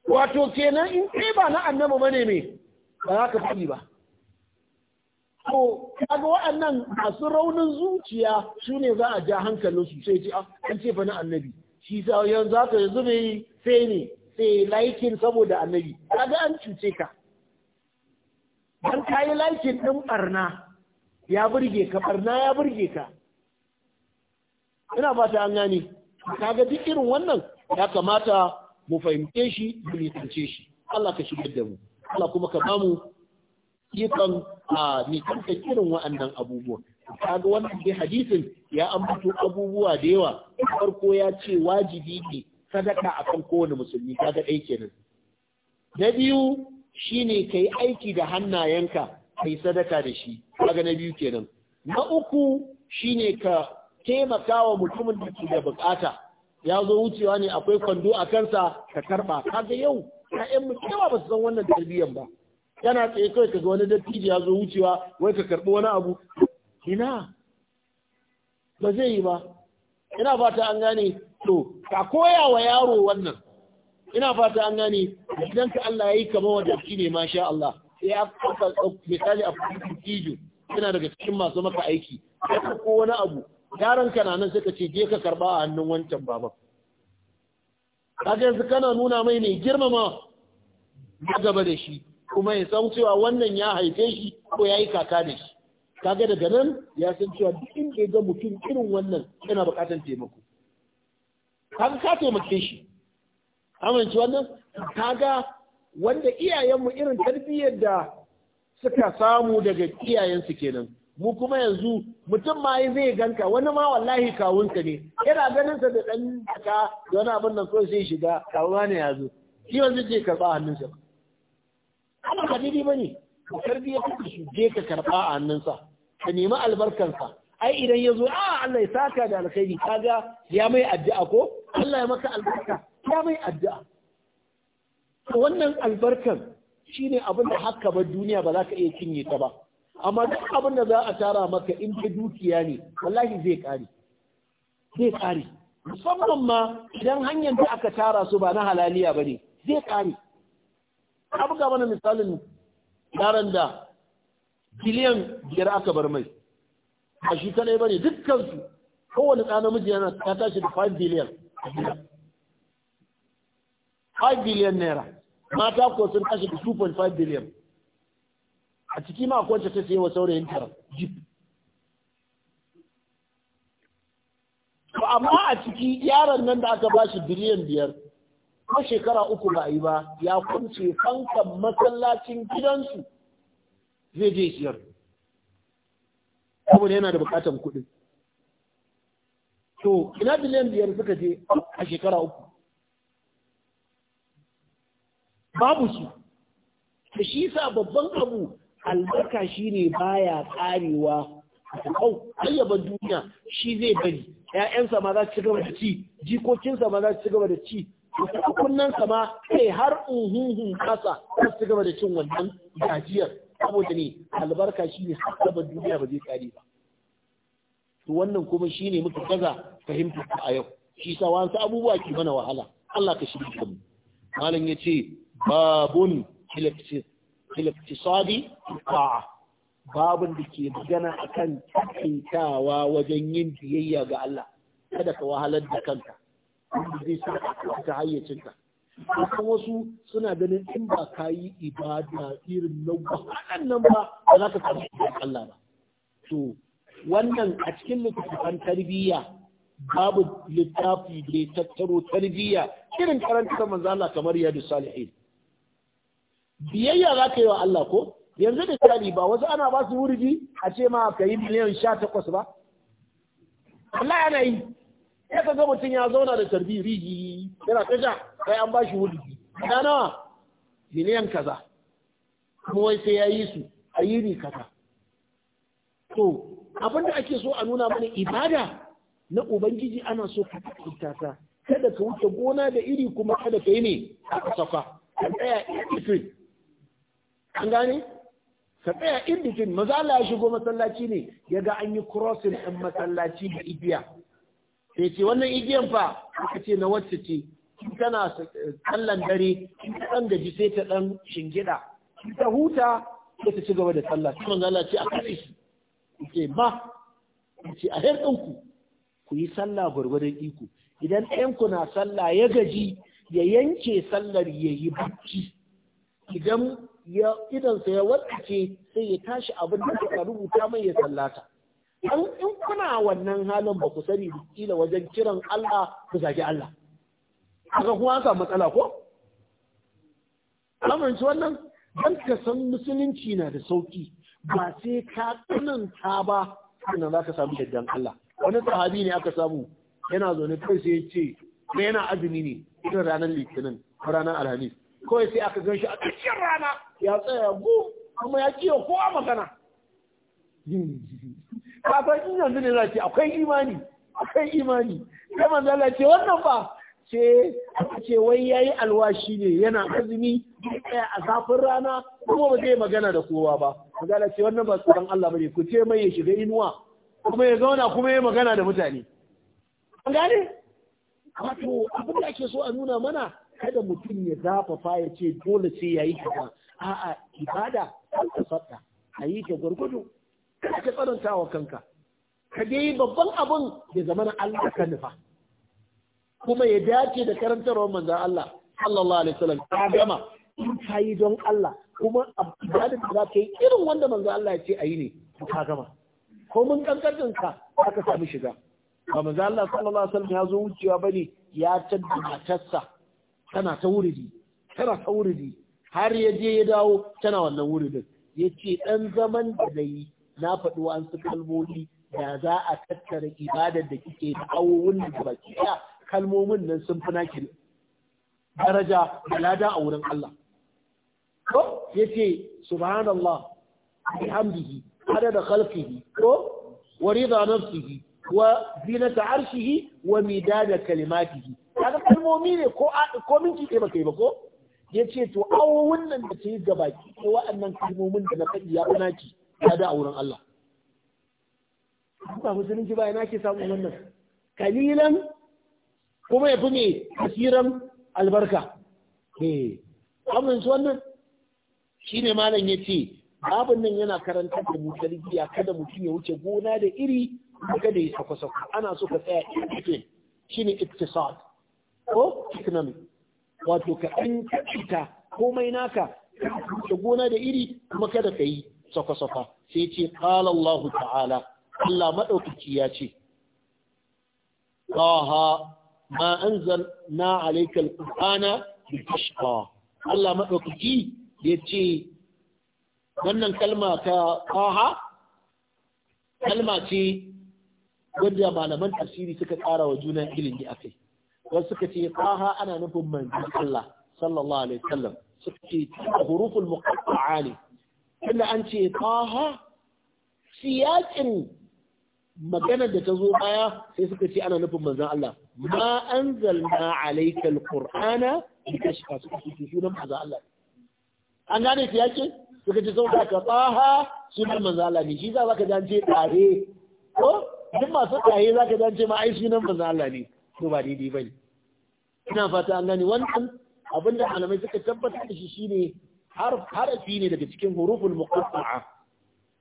wato kenan in ce ba na annabi ne me ba za ka faɗi ba Ko kaga waɗannan masu raunin zuciya su ne za a ja hankalin su sai ce ah, an ce fa na annabi shi sa yanzu za ka yanzu mai sai ne sai laikin saboda annabi kaga an cuce ka dan kayi laikin din barna ya burge ka barna ya burge ka ina fata an gane kaga duk irin wannan ya kamata mu fahimce shi mu nisance shi Allah ka shigar da mu Allah kuma ka bamu ikon a nisanta irin wa'annan abubuwan kaga wannan dai hadisin ya ambato abubuwa da yawa farko ya ce wajibi ne sadaka a kan kowane musulmi kaga ɗai kenan na biyu shine yi aiki da hannayenka yi sadaka da shi kaga na biyu kenan na uku shine ka taimaka wa mutumin da ke da bukata ya zo wucewa ne akwai kwando a kansa ka karba kaga yau ƴaƴan mu yawa ba su san wannan tarbiyyar ba yana tsaye kawai ka ga wani dattijo ya zo wucewa wai ka karbi wani abu ina ba zai yi ba ina fata an gane to ka koya wa yaro wannan ina fata an gane idan ka Allah yayi kamar wanda shi ne masha Allah sai a kafa misali a cikin tijo yana daga cikin masu maka aiki ka ko wani abu yaron ka nan suka ce je ka karba a hannun wancan baban kaga yanzu kana nuna mai ne girmama na gaba da shi kuma ya san cewa wannan ya haife shi ko ya yi kaka da shi kaga daga nan ya san cewa duk inda ya ga mutum irin wannan yana buƙatar taimako kaga ka taimake shi amince wannan kaga wanda iyayenmu irin tarbiyyar da suka samu daga iyayensu kenan mu kuma yanzu mutum ma zai ganka wani ma wallahi kawunka ne yana ganin sa da dan ka da wani abin nan so sai shiga kawuna ne ya zo shi yanzu je karba hannunsa ana ba daidai bane ka tarbiyyar ka shi je ka karba a hannunsa ka nemi albarkansa ai idan yazo zo a ah, Allah ya saka da alkhairi kaga ya mai addu'a ko Allah ya maka albarka ya mai addu'a to wannan albarkan shine abin da haka ba duniya ba za ka iya cinye ta ba amma duk abin da za a tara maka in ta dukiya ne wallahi zai kare zai kare musamman ma idan hanyar da aka tara su ba na halaliya ba ne zai kare abu ga mana misalin yaran da biliyan biyar aka bar mai a shi kadai ba ne dukkansu kowane ɗa namiji yana ta tashi da 5 biliyan 5 billion naira mata ko sun kashe 2.5 billion. a ciki ma akwai ta sayi wa saurayin ta to amma a ciki yaron nan da aka bashi biliyan biyar ko shekara uku ba yi ba ya kunce fankan masallacin gidansu zai je siyar saboda yana da bukatan kuɗi to ina biliyan biyar suka je a shekara uku babu su da shi sa babban abu albarka shi ne baya karewa kau ayyaban duniya shi zai bari Ya'yansa ma za su ci gaba da ci jikokinsa ma za su ci gaba da ci kunnansa ma kai har unhunhun kasa za su ci gaba da cin wannan gajiyar saboda ne albarka shi ne sabon duniya ba zai kare ba to wannan kuma shine muka gaza fahimta a yau shi sa wasu abubuwa ke mana wahala Allah ka shirya mu malam yace babun ilaktisadi ta'a babun da ke magana akan tsakintawa wajen yin biyayya ga Allah kada ka wahalar da kanka wanda zai sa ka hayyacinka ko wasu suna ganin in ba ka yi ibada irin nan ba ba za ka Allah ba to wannan a cikin littattafan tarbiyya babu littafi da tattaro tarbiyya irin karantar manzo Allah kamar yadu salihin biyayya za ka yi wa Allah ko yanzu da tsari ba wasu ana ba su wurji a ce ma ka yi miliyan sha takwas ba Allah yana yi ya ka ga mutum ya zauna da tarbi rigi yana ta sai an ba shi wurji ya nawa miliyan kaza kuma wai sai ya yi su a ni kaza to abinda ake so a nuna mana ibada na ubangiji ana so ka ita ta kada ka wuce gona da iri kuma kada ka yi ne a kasafa ka tsaya in an gane ka tsaya in between maza Allah ya shigo masallaci ne ya ga an yi crossing ɗin masallaci da igiya sai ce wannan igiyan fa aka ce na wacce ce in kana sallan dare in ta dan gaji sai ta dan shingida ta huta sai ta ci gaba da sallah sai manzo Allah ce a kashe shi ce ma ce a ɗanku ku yi sallah gwargwadon iko idan ɗanku na sallah ya gaji ya yanke sallar ya yi bacci idan ya idansa ya wadace sai ya tashi abin da suka rubuta mai ya sallata an in kuna wannan halin ba ku sani kila wajen kiran Allah ku zagi Allah haka kuma haka matsala ko al'amarin wannan dan ka san musulunci na da sauki ba sai ka tsananta ba sannan za ka samu yaddan Allah wani sahabi ne aka samu yana zaune kai sai ya ce na yana azumi ne idan ranar litinin ranar alhamis kawai sai aka gan shi a cikin rana ya tsaya go kuma ya ko kowa magana kafin in yanzu ne za ce akwai imani akwai imani sai manzo Allah ce wannan ba ce aka ce wai yayi alwashi ne yana azumi ya tsaya a zafin rana kuma ba zai magana da kowa ba magana ce wannan ba tsoron Allah bane ku ce mai ya shiga inuwa kuma ya zauna kuma ya magana da mutane an gane wato abin da ake so a nuna mana kada mutum ya zafafa ya ce dole sai yayi kaza a'a ibada ta fadda ayi ta gurgudu kada ka tsananta wa kanka ka dai babban abin ya zama na Allah ka nufa kuma ya dace da karantarwar manzon Allah sallallahu alaihi wasallam ta gama in ta yi don Allah kuma ibadin da za ka yi irin wanda manzo Allah ya ce a yi ne ka gama ko mun kankarin ka aka samu shiga ba manzo Allah sallallahu alaihi wasallam ya zo wucewa bane ya tadda matarsa tana ta wuridi tana ta wuridi har ya je ya dawo tana wannan wuridin ya ce dan zaman da yi na faɗi su kalmomi da za a tattara ibadar da kike da awowin da baki kalmomin nan sun fi naki daraja da lada a wurin Allah ko ce subhanallah bihamdihi adada khalqihi ko wa rida nafsihi wa zinata arshihi wa midada kalimatihi kaga kalmomi ne ko ko minti ɗaya baka yi ba ko ce to awowin da ta yi gabaki ko wa'annan kalmomin da na kadi ya kuna ki ya da auren Allah ba musulunci ba yana ke samun wannan kalilan kuma ya fi ne kasiran albarka eh wannan shi ne malam ya ce, babin nan yana karanta da mutar tarbiya kada mutum ya wuce gona da iri kada ya sako-sako ana so ka tsaya cikin ne iktisad ko economic wato ka ɗan komai naka da gona da iri kuma kada ka yi sako-sako sai ce ƙalallahu ta'ala Allah maɗaukaki ya ce qaha ma na alayka ƙana da bitashqa Allah maɗaukaki ya ce wannan kalma ta ƙaha kalma ce wadda malaman tasiri suka ƙara wa juna ilimi a kai wasu suka ce ƙaha ana nufin manzon Allah sallallahu alaihi wasallam suka ce huruful muqatta'a ne tunda an ce ƙaha siyakin maganar da ta zo baya sai suka ce ana nufin manzon Allah ma anzalna alaikal qur'ana litashqa suka ce sunan manzon Allah an gane ki yake suka ce saboda ka tsaha sunan manzo Allah ne shi za ka jance tare ko duk masu tsaye za ka jance ma ai sunan manzo ne to ba daidai bane ina fata an gane wannan abinda malamai suka tabbatar da shi shine harafi ne daga cikin huruful muqatta'a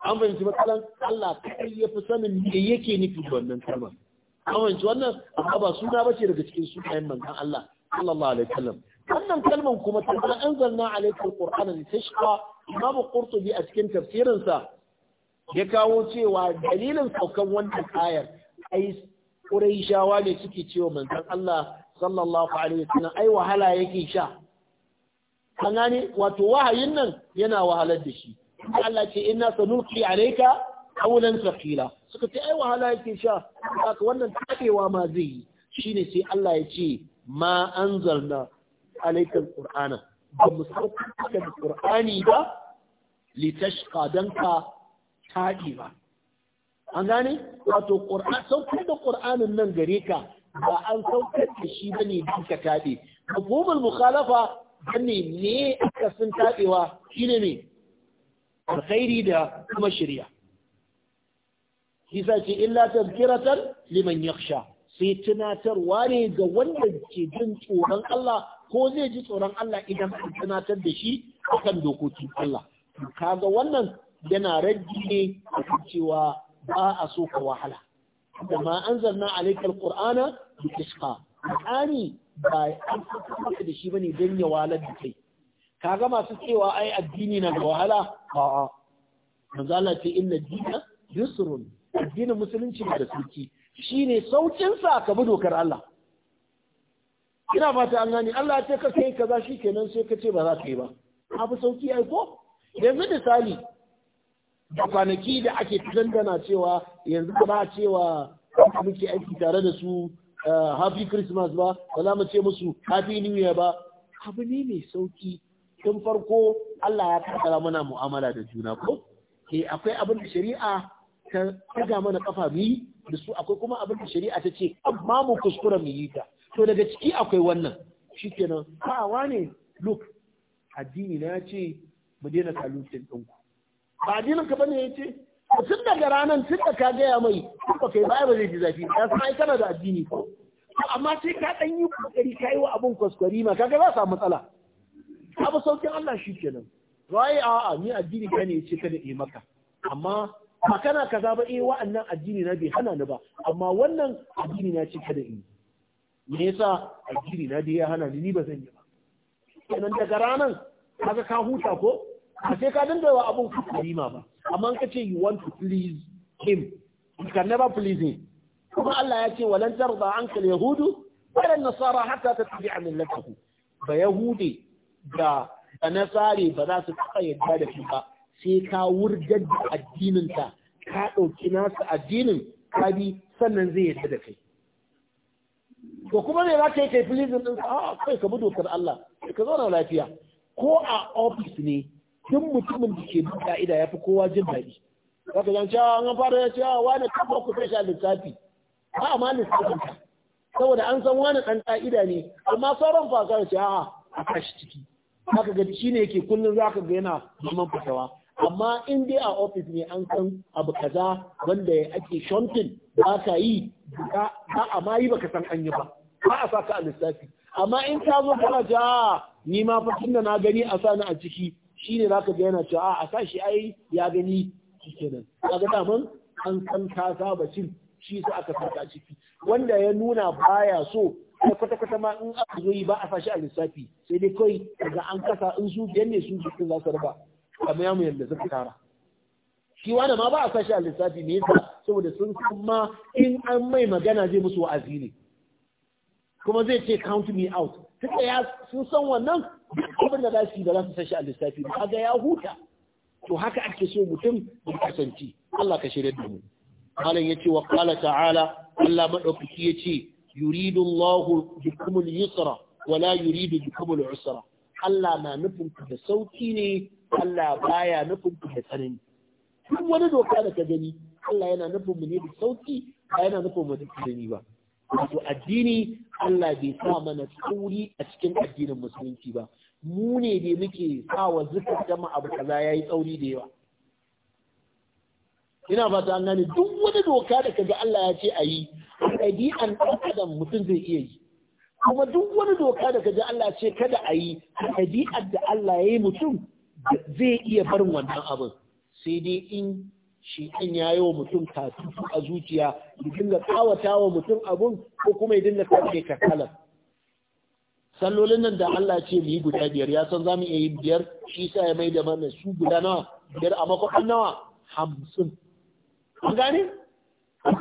an fahimci matsalan Allah kai ya fi sanin me yake nufi wannan kalmar an fahimci wannan amma ba suna bace daga cikin sunayen manzon Allah sallallahu alaihi wasallam wannan kalman kuma ta ma anzalna alaikal qur'ana litashqa imamu qurtubi a cikin tafsirinsa ya kawo cewa dalilin saukan wannan ayar ai shawa ne suke cewa manzon Allah sallallahu alaihi wasallam ai wahala yake sha kan gane wato wahayin nan yana wahalar da shi Allah ce inna sanulqi alayka qawlan thaqila suka ce ai wahala yake sha haka wannan tabewa ma zai yi shine sai Allah ya ce ma anzalna alaika alqur'ana ba mu sauka da qur'ani ba li tashqa ka tadi ba an gane wato qur'an saukar da qur'anin nan gare ka ba an saukar da shi bane don ka tadi mafhumul mukhalafa ne ne aka sun tadewa shine ne alkhairi da kuma shirya kisa ce illa tazkiratan liman yakhsha sai tunatarwa ne ga wanda ke jin tsoron Allah ko zai ji tsoron Allah idan an tunatar da shi akan dokokin Allah kaga wannan yana raddi ne cewa ba a so ka wahala da ma anzalna alaikal qur'ana bi tishqa qani ba an saka da shi bane dan ya walar da kai kaga masu cewa ai addini na da wahala a'a manzo ce inna dina yusrun addinin musulunci da Shi shine saukin sa ka bi dokar Allah ina fata an gani Allah ce ka kai kaza shikenan sai ka ce ba za ka yi ba abu sauki ai ko yanzu misali da kwanaki da ake dangana cewa yanzu ba cewa muke aiki tare da su eh, happy christmas ba ba za mu ce musu happy new year ba abu ne mai sauki tun farko Allah ya kakara mana mu'amala da juna ko ke eh, akwai abin da shari'a ta ga mana kafa mu yi da su akwai kuma abin da shari'a ta ce amma mu kuskura mu yi ta to daga ciki akwai wannan shikenan kawa ne, look addini na ce mu daina kalutin ɗinku ba addinin ka bane ya ce tun daga ranar tun da ka gaya mai ba kai baya ba zai ji zafi ya san ai kana da addini ko amma sai ka ɗan yi kokari ka yi wa abun kwaskwari ma kaga za samu matsala abu saukin Allah shi kenan wai a a ni addini ka ne ce kada yi maka amma ba kana kaza ba eh wa'annan addini na bai hana ni ba amma wannan addini na ce kada yi me yasa addini na dai ya hana ni ba zan yi ba kenan daga ranan kaga ka huta ko a sai ka dinga wa abun kalima ba amma ka ce you want to please him you can never please him kuma Allah ya ce walan tarda anka yahudu lan nasara hatta tattabi'a millatahu ba yahudi da da nasare ba za su taɓa yadda da shi ba sai ka wurgar da addininta ka ɗauki nasu addinin ka bi sannan zai yadda da kai to kuma me za ka yi kai filizin din a ah, kai ka bi dokar Allah ka zauna lafiya ko a ofis ne duk mutumin da ke bin ka'ida ya fi kowa jin daɗi za ka zance ah, an fara ya ce ah, wani ba ku kai shi a lissafi ba ma lissafin ka saboda an san wani ɗan ka'ida ne amma sauran fasar ce a a kashi ciki za ka gani shi ne yake kullum za ka ga yana neman fitawa amma in dai a ofis ne an san abu kaza wanda ake shontin ba ka yi ba a ma yi baka san an yi ba ba a saka a lissafi amma in ka zo kana ce a ni ma fa tunda na gani a sani a ciki shine zaka ga yana cewa a sa shi ai ya gani kenan kaga daman an san ka saba cin shi sai aka saka a ciki wanda ya nuna baya so sai kwata kwata ma in aka zo yi ba a sa a lissafi sai dai kawai daga an kasa in su biyan ne su jikin za su raba kamar yamu yadda suka tara shi wani ma ba a sa a lissafi ne saboda sun kuma in an mai magana zai musu wa'azi ne kuma zai ce count me out tunda ya sun san wannan abin da za su ba za su san shi a lissafi ba ga ya huta to haka ake so mutum ya kasance Allah ka shirya da mu malam yace wa qala ta'ala Allah madaukaki yace yuridu Allahu bikum al-yusra wa la yuridu bikum al-usra Allah na nufin ku da sauki ne Allah baya nufin ku da tsanani duk wani doka da ka gani Allah yana nufin mu ne da sauki ba yana nufin mu da tsanani ba wato addini Allah bai sa mana tsauri a cikin addinin musulunci ba mu ne da muke sawa zukar jama abu kaza yayi tsauri da yawa ina fata an gane duk wani doka da kaga Allah ya ce a yi ɗabi'an ɗan adam mutum zai iya yi kuma duk wani doka da kaji Allah ce kada a yi ɗabi'ar da Allah ya yi mutum zai iya barin wannan abin sai dai in shi ɗan ya yi wa mutum kasutu a zuciya ya dinga tsawata wa mutum abun ko kuma ya dinga kake kakalar sallolin nan da Allah ce mu yi guda biyar ya san zamu iya yi biyar shi sa ya mai da mana su guda nawa biyar a makon nawa hamsin an gane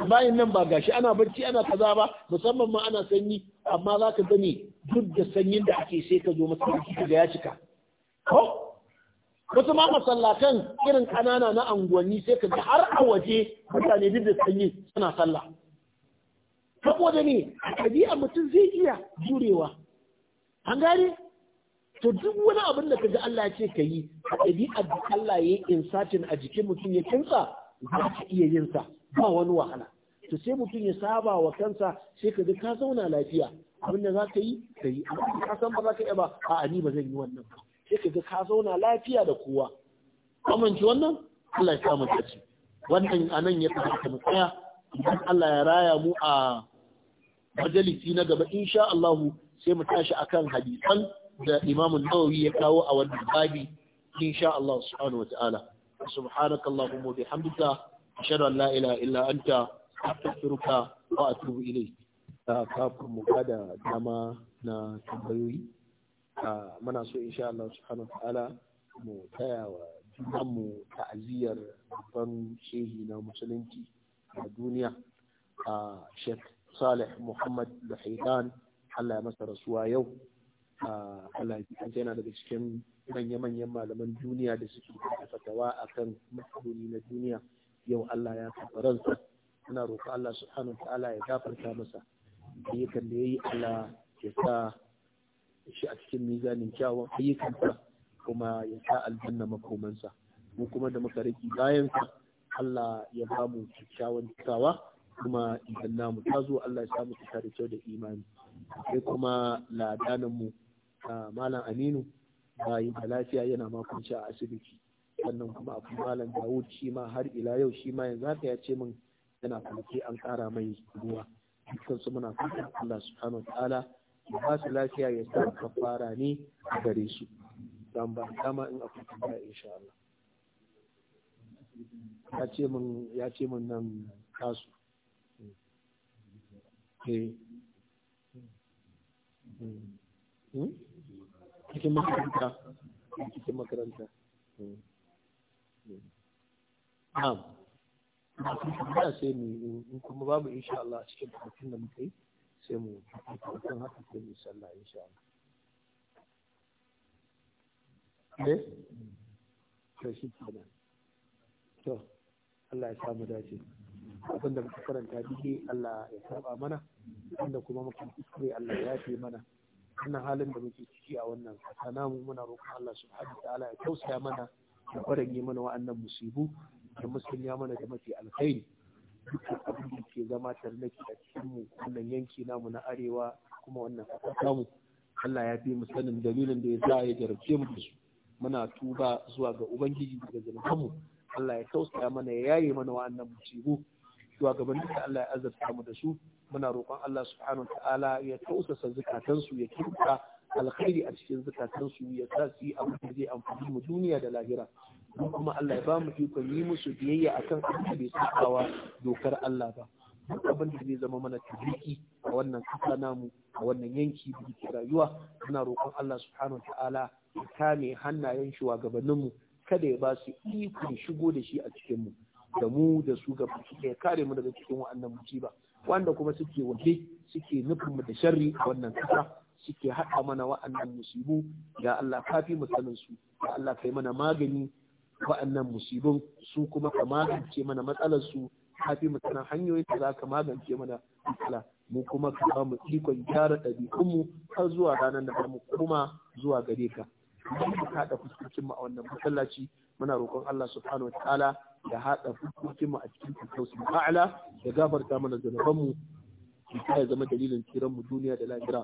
bayan nan ba gashi ana barci ana kaza ba musamman ma ana sanyi amma za ka gani duk da sanyin da ake sai ka zo masa ka ga ya cika ko wasu ma masallatan irin ƙanana na anguwanni sai ka har a waje mutane duk da sanyi suna sallah saboda ne a mutum zai iya jurewa an gane to duk wani abin da ka kaji Allah ce ka yi a da Allah ya yi insatin a jikin mutum ya kinsa za ka iya yin sa ba wani wahala to sai mutum ya saba wa kansa sai ka ka zauna lafiya abin da za ka yi ka yi amma san ba za ka iya ba a ni ba zan yi wannan ba sai ka ga ka zauna lafiya da kowa amince wannan Allah ya sa mu dace wannan anan ya kamata mu tsaya idan Allah ya raya mu a majalisi na gaba insha Allah sai mu tashi akan hadisan da Imam Nawawi ya kawo a wannan babi insha Allah subhanahu wa ta'ala subhanaka allahumma bihamdika ashhadu an la ilaha illa anta astaghfiruka wa atubu ilayk kafin mu kada dama na tambayoyi muna so insha Allah subhanahu ta'ala mu taya wa junan mu ta'aziyar babban shehi na musulunci a duniya a Sheikh saleh Muhammad Luhaidan Allah ya masa rasuwa yau Allah ya yana daga cikin manya-manyan malaman duniya da suke da fatawa akan matsaloli na duniya yau Allah ya karɓi ransa muna roƙo Allah subhanahu ta'ala ya gafarta masa ayyukan da yayi Allah ya sa shi a cikin mizanin kyawun ayyukansa kuma ya sa aljanna makomansa mu kuma da muka riki bayansa Allah ya ba mu kyakkyawan tsawa kuma idan namu ta zo Allah ya sa mu cika da kyau da imani sai kuma ladanan mu malam Aminu bayan da lafiya yana makunci a asibiti sannan kuma akwai malam Dawud shi ma har ila yau shi ma yanzu haka ya ce min yana kwanke an kara mai ruwa dukkan su muna fata Allah subhanahu wa ta'ala ya ba su lafiya ya sa kafara ne a gare su don ba dama in akwai tambaya insha Allah ya ce min ya ce mun nan kasu eh hmm? cikin makaranta cikin makaranta hmm. na'am ba su tambaya sai mu in kuma babu insha Allah cikin karatun da muka yi sai mu kan haka sai mu sallah insha Allah eh to shi to Allah ya samu dace abinda muka karanta dike Allah ya saba mana inda kuma muka kuskure Allah ya yafe mana wannan halin da muke ciki a wannan kasa namu muna roƙon Allah subhanahu ta'ala ya tausaya mana ya kwarage mana wa'annan musibu da ya mana da mafi alkhairi duka abin da ke zama tarnaki a cikin mu wannan yanki namu na arewa kuma wannan ƙasa mu Allah ya fi mu sanin dalilin da ya sa ya jarabce mu da su muna tuba zuwa ga ubangiji daga mu Allah ya tausaya mana ya yaye mana wa'annan musibu shugabannin da Allah ya azabta mu da su muna roƙon Allah subhanahu ta'ala ya tausasa zukatansu ya kirka alkhairi a cikin su ya sa su yi abin da zai amfani mu duniya da lahira kuma Allah ya ba mu ikon yi musu biyayya akan abin da bai sakawa dokar Allah ba duk abin da zai zama mana tabiki a wannan kasa namu a wannan yanki da ke rayuwa muna roƙon Allah subhanahu ta'ala ya kame hannayen mu kada ya ba su ikon shigo da shi a cikin mu da mu da su gaba ya kare mu daga cikin wa'annan musiba wanda kuma suke waje suke nufin mu da sharri a wannan kasa suke haɗa mana wa'annan musibu ya Allah kafi mu sanin su ya Allah kai mana magani wa'annan musibun su kuma ka magance mana matsalar su kafi mu sanin hanyoyin da za ka magance mana matsala mu kuma ka ba mu ikon gyara ɗabi'unmu har zuwa ranar da mu koma zuwa gare ka idan mu haɗa fuskokin mu a wannan masallaci muna roƙon Allah subhanahu wataala ya haɗa fuskokin mu a cikin tausayin ma'ala ya gafarta mana zanubanmu ya zama dalilin tsiran mu duniya da lahira